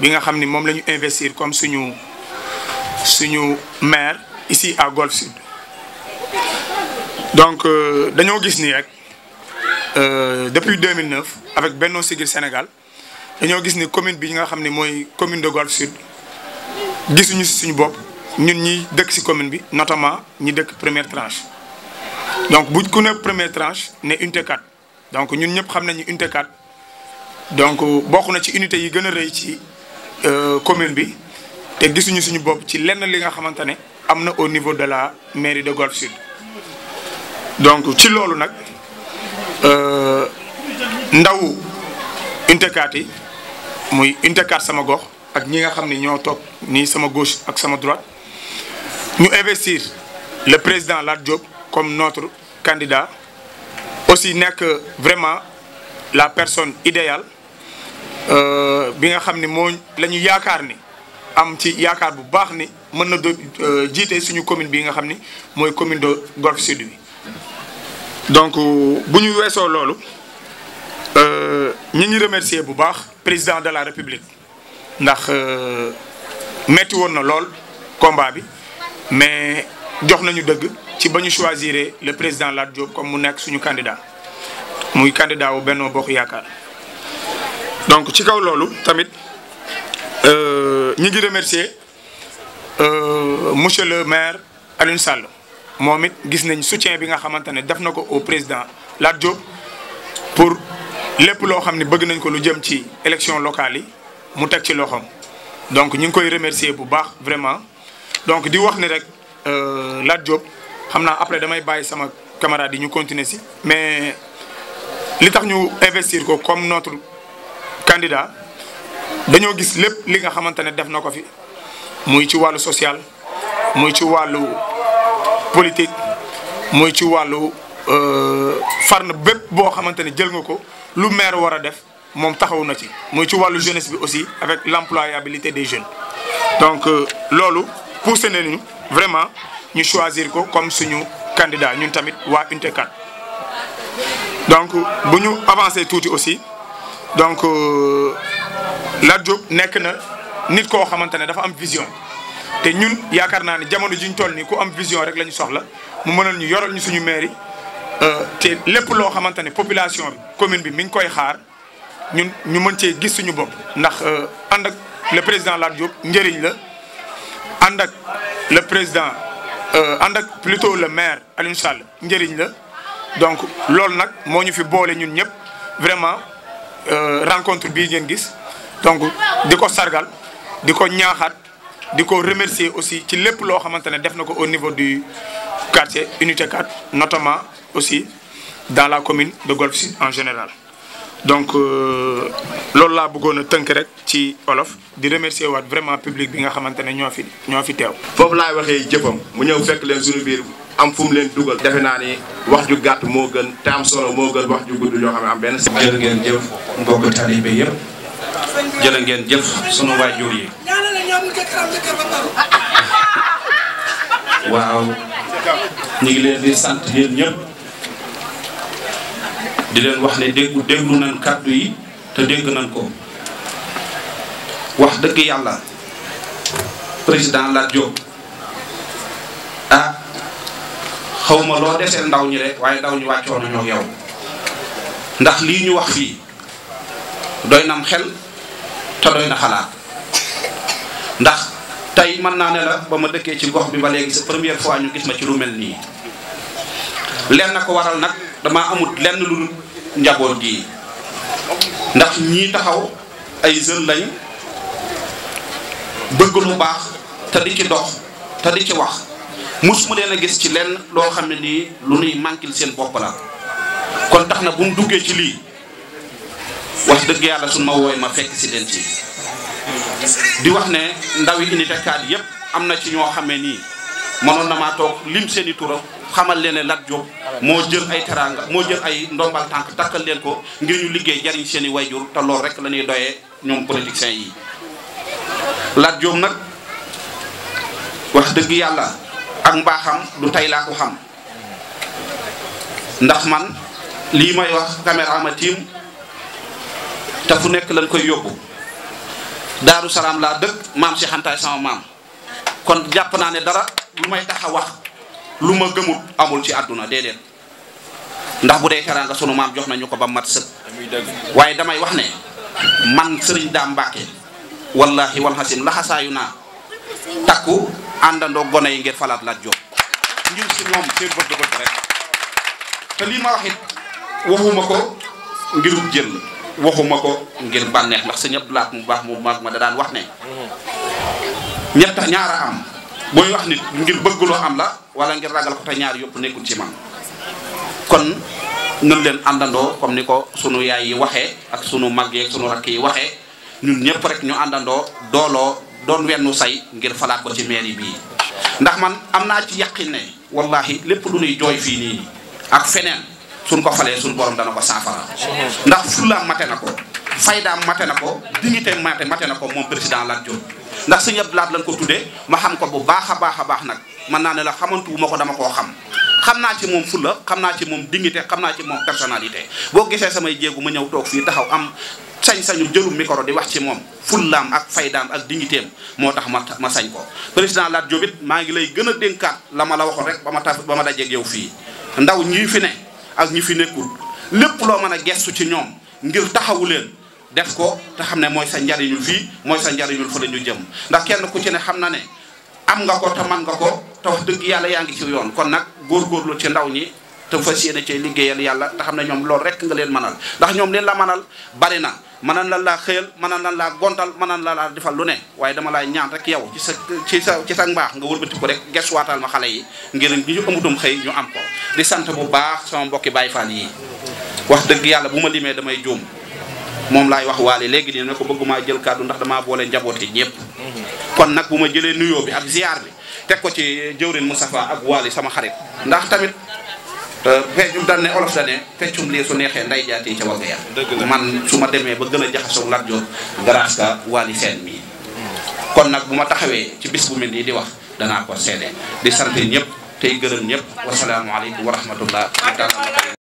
bi nga xam ni moom la ñu investir comme suñu suñu maire ici à Golf Sud donc euh, dañoo gis ni rek euh, depuis 2009 avec Benno Siggil Sénégal dañoo gis ni commune bi nga xam ni mooy commune de Golf Sud gisuñu si suñu bopp ñun ñi dëkk si commune bi notamment ñi dëkk première tranche donc buñ ku ne première tranche ne unité 4 donc ñun ñëpp xam nañu unité 4 donc bokk na ci unité yi gën a rëy ci Euh, commune bi te gisuñu suñu bopp ci lenn li nga xamante ne am na au niveau de la mairie de Golf Sud donc ci loolu nag euh, ndaw unité 4 yi muy unité sama gox ak ñi nga xam ni ñoo toog nii sama gauche ak sama droite ñu investir le président Lat Diop comme notre candidat aussi nekk vraiment la personne idéale Euh, bi nga xam ni moo la ñu yaakaar ni am ci yaakaar bu baax ni mën na do euh, jiite suñu commune bi nga xam ni mooy commune de Golf Sud bi donc bu ñu weesoo loolu euh, ñu ngi remercier bu baax président de la république ndax metti woon na lool combat bi mais jox nañu dëgg ci ba ñu choisir le président Lat Diop comme mu nekk suñu candidat muy candidat wu Benno Bokk Yaakaar donc ci kaw loolu tamit euh, ñu ngi remercier euh, monsieur le maire Alioune Sall moom it gis nañ soutien bi nga xamante ne def na ko au président Lat Diop pour lépp loo xam ne bëgg nañ ko lu jëm ci élection locale yi mu teg ci loxoom donc ñu ngi koy remercier bu baax vraiment donc di wax ni rek euh, Lat Diop xam naa après damay bàyyi sama camarade yi ñu continuer si mais li tax ñu investir ko comme notre candidat dañoo gis lépp li nga xamante ne def na ko fi muy ci wàllu social muy ci wàllu politique muy ci wàllu euh, farn bépp boo xamante ne jël nga ko lu maire war a def moom taxaw na ci muy ci wàllu jeunesse bi aussi avec l'employabilité des jeunes donc euh, loolu poussé nañu vraiment ñu choisir ko comme suñu candidat ñun tamit waa Unité 4 donc bu ñu avancé tuuti aussi donc euh, Lat nekk na nit koo xamante ne dafa am vision te ñun yaakaar naa ne jamono ji ñu toll nii ku am vision rek la ñu soxla mu mënal ñu yorol ñu suñu mairie euh, te lépp loo xamante ne population bi commune bi mu ngi koy xaar ñun ñu mën cee gis suñu bopp. ndax euh, ànd ak le président Lat Diop njëriñ la ànd ak le président ànd ak plutôt le maire Alioune Sall njëriñ la donc loolu nag moo ñu fi boole ñun ñëpp vraiment. Euh, rencontre bii ngeen gis donc di ko sargal di ko ñaaxaat di ko remercier aussi ci lépp loo xamante ne def na ko au niveau du quartier unité 4 notamment aussi dans la commune de Golf Sud en général donc euh, loolu laa bëggoon a tënk rek ci olof di remercier waat vraiment public bi nga xamante ne ñoo fi ñoo fi teew. foofu laay waxee jëfam mu ñëw fekk leen suñu biir. am fu mu leen dugal defe naa ni wax ju gàtt moo gën te am solo moo gën wax ju gudd yoo xam ne am benn jërë ngeen jëf mbokk taalibe yëpp jërë ngeen jëf sunu waajur yi waaw ñu ngi leen di sant yéen di leen wax ne déggu déglu nañ kàddu yi te dégg nañ ko wax dëgg yàlla président Lat Diop xaw loo desee ndaw ñi rek waaye ndaw ñi wàccoon nañoo yow ndax lii ñu wax fii doy nam xel te doy na xalaat ndax tey mën naa ne la ba ma dëkkee ci gox bi ba léegi sa première fois ñu gis ma ci lu mel nii lenn na ko waral nag dama amut lenn lu dul njaboot gi ndax ñii taxaw ay jeunes lañ bëgg lu baax te di ci dox te di ci wax musuma leen a gis ci lenn loo xam ne nii lu nuy mànkil seen bopp la kon tax na bu mu duggee ci lii wax dëgg yàlla suñ ma wooy ma fekk si leen ci di wax ne ndaw yi unité 4 yëpp am na ci ñoo xamee nii mënoon na maa toog lim seen i turam xamal leen ne Lat Diop moo jël ay teraanga moo jël ay ndombal tànk takkal leen ko ngir ñu liggéey jariñ seen i wayjur te loolu rek la ñuy doyee ñoom politiciens yi Lat nag wax dëgg yàlla ak mbaaxam du tey laa ko xam ndax man lii may wax caméra ma tiim te fu nekk lañ koy yóbbu daaru salaam laa dëkk maam si xantaay sama maam kon jàpp naa ne dara lu may taxa wax lu ma gëmut amul ci àdduna déedéet ndax bu dee teraanga sunu maam jox nañu ko ba mat sëkk waaye damay wax ne man sëriñ daam mbàkke wallahi walhasim laxasaayu naa takku àndandoo gone yi ngeen falaat Lat Diop ngir si moom seen bët bët rek te lii ma wax waxuma ko ngir jël waxuma ko ngir bànneex ndax sa ñëpp laat mu baax mu mag ma da daan wax ne ñett ñaar a am booy wax nit ngir bëgg am la wala ngir ragal ko te ñaar yëpp nekkul ci man kon nan leen àndandoo comme ni ko sunu yaay yi waxee ak sunu mag yi ak sunu rakk yi waxee ñun ñëpp rek ñu àndandoo dooloo doon wennu say ngir falaat ko ci mairie bii ndax man am naa ci yaqin ne wallahi lépp lu nuy jooy fii nii ak feneen sun ko falee suñ borom dana ko saafara ndax fullaam mate na ko faydaam mate na ko dignité mate na ko moom président Lat Diop ndax sëñ Abdou Lahat lañ ko tuddee ma xam ko bu baax a baax a baax nag man naa ne la xamantu ma ko dama koo xam xam naa ci moom fulla xam naa ci moom dignité xam naa ci moom personnalité boo gisee samay jéegu ma ñëw toog fii taxaw am sañ-sañum jëlum micro di wax ci moom fullaam ak faydaam ak digniteem moo tax ma ma sañ ko président Lat Diop maa ngi lay gën a dénkaat la ma la waxoon rek ba ma ta ba ma dajeeg yow fii ndaw ñi fi ne ak ñi fi nekkul lépp loo mën a gestu ci ñoom ngir taxawu leen def ko te xam ne mooy sa njariñul fii mooy sa njariñul fa la ñu jëm ndax kenn ku ci ne xam na ne am nga ko te man nga ko te wax dëgg yàlla yaa ngi ci yoon kon nag góorgóorlu ci ndaw ñi te fas yéene ci liggéeyal yàlla te xam ne ñoom loolu rek nga leen mënal ndax ñoom leen la mënal bari na mënaan lan laa xëyal mënaan lan laa gontal mënaan lan laa defal lu ne waaye dama laa ñaan rek yow ci sa ci sa ci sa mbaax nga wëlbati ko rek gesuwaatal ma xale yi ngir li ñu amutum xëy ñu am ko di sant bu baax sama mbokki Baay fan yi wax dëgg yàlla bu ma limee damay juum moom laay wax waale léegi nii ne ko bëggumaa jël kàddu ndax damaa boole njaboot yi ñëpp kon nag bu ma jëlee nuyoo bi ak ziar bi teg ko ci jëwrin Moustapha ak waali sama xarit ndax tamit Euh, feejum daan ne olof dane feccum lii su neexee nday jaatee ca wagga ya man su ma demee ba gën a jaxasoo Lat Joor grâce ka Waly Sène mii kon nag bu ma taxawee ci bis bu mel nii di wax danaa ko seede di sant ñëpp tey gërëm ñëpp wasalaamualeykum wa rahmatullah